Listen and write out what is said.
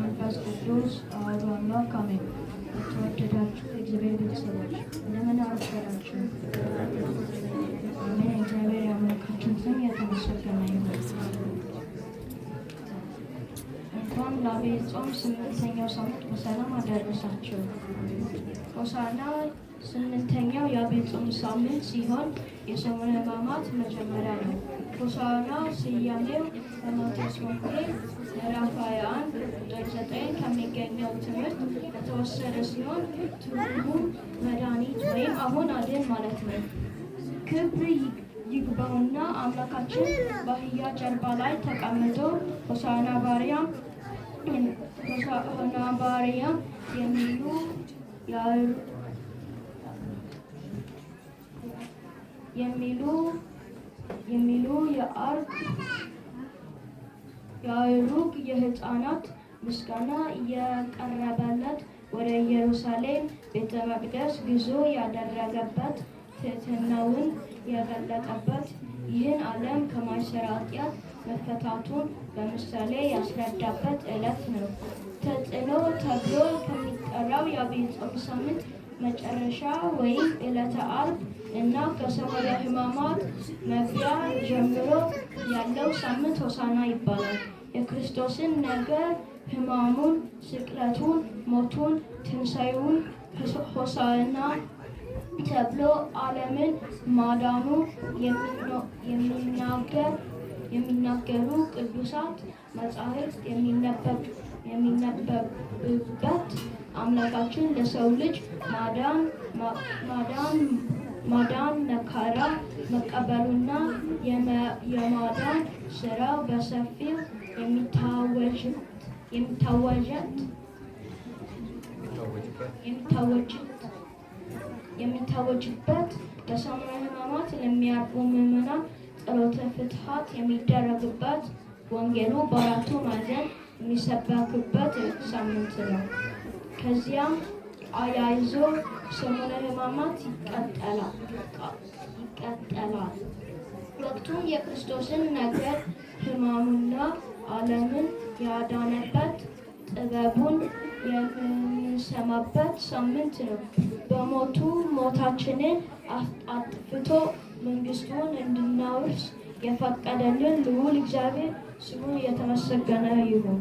መንፈስ ቅዱስ አሐዱ አምላክ አሜን። የተወደዳችሁ የእግዚአብሔር ቤተሰቦች እንደምን አረፈዳችሁ? አሜን። እግዚአብሔር ያምላካችን ስም የተመሰገነ ይሁን። እንኳን ለዐቢይ ጾም ስምንተኛው ሳምንት በሰላም አደረሳችሁ። ሆሳዕና ስምንተኛው የአቤል ጾም ሳምንት ሲሆን የሰሙነ ሕማማት መጀመሪያ ነው። ሆሳዕና ስያሜው በማቴዎስ ወንጌል ምዕራፍ 21 ቁጥር 9 ከሚገኘው ትምህርት የተወሰደ ሲሆን ትርጉሙም መድኃኒት ወይም አሁን አድን ማለት ነው። ክብር ይግባውና አምላካችን በአህያ ጀርባ ላይ ተቀምጦ ሆሳዕና በአርያም ሆሳዕና በአርያም የሚሉ የሚሉ የሚሉ የአይሩግ የህፃናት ምስጋና የቀረበለት ወደ ኢየሩሳሌም ቤተ መቅደስ ጉዞ ያደረገበት ትህትናውን የገለጠበት ይህን ዓለም ከማሰራቂያ መፈታቱን በምሳሌ ያስረዳበት ዕለት ነው። ተጽዕኖ ተብሎ ከሚጠራው የአብይ ጾም ሳምንት መጨረሻ ወይም ዕለተ ዓርብ እና ከሰማያ ሕማማት መግቢያ ጀምሮ ያለው ሳምንት ሆሳና ይባላል። የክርስቶስን ነገር ሕማሙን፣ ስቅለቱን፣ ሞቱን፣ ትንሣኤውን ሆሳና ተብሎ ዓለምን ማዳኑ የሚናገር የሚናገሩ ቅዱሳት መጻሕፍት የሚነበብ የሚነበብበት አምላካችን ለሰው ልጅ ማዳን ማዳን ማዳን መከራ መቀበሉና የማዳን ስራ በሰፊው የሚታወጀት የሚታወጅበት በሰሙነ ሕማማት ለሚያርጉ ምዕመናን ጸሎተ ፍትሐት የሚደረግበት ወንጌሉ በአራቱ ማዕዘን የሚሰበክበት ሳምንት ነው። ከዚያም አያይዞ ሰሙነ ሕማማት ይቀጠላል ወቅቱም የክርስቶስን ነገር ሕማሙና ዓለምን ያዳነበት ጥበቡን የምንሰማበት ሳምንት ነው። በሞቱ ሞታችንን አጥፍቶ መንግስቱን እንድናወርስ የፈቀደልን ልዑል እግዚአብሔር ስሙ የተመሰገነ ይሁን።